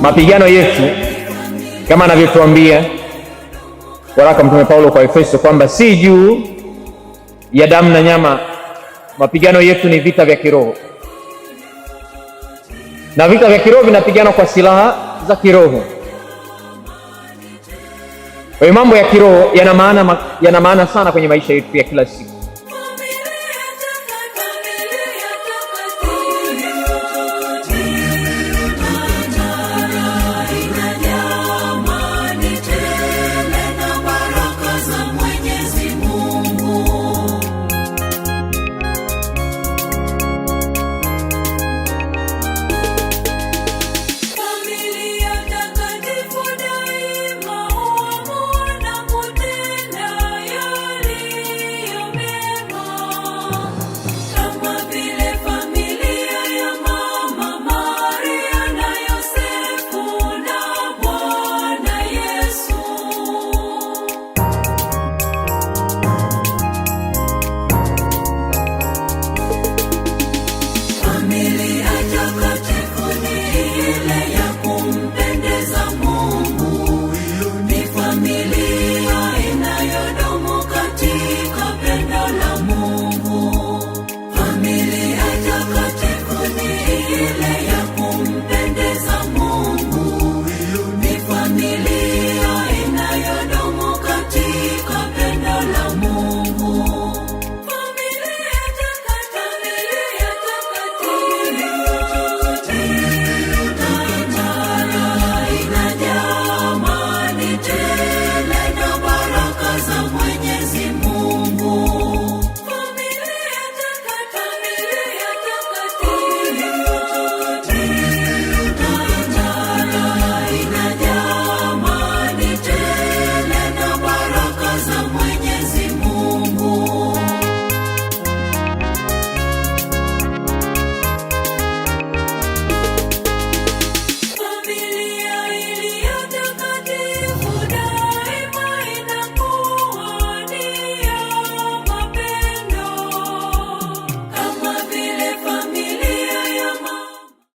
Mapigano yetu kama anavyotuambia waraka Mtume Paulo kwa Efeso kwamba si juu ya damu na nyama, mapigano yetu ni vita vya kiroho, na vita vya kiroho vinapigana kwa silaha za kiroho. Kwa hiyo mambo ya kiroho yana maana, yana maana sana kwenye maisha yetu ya kila siku.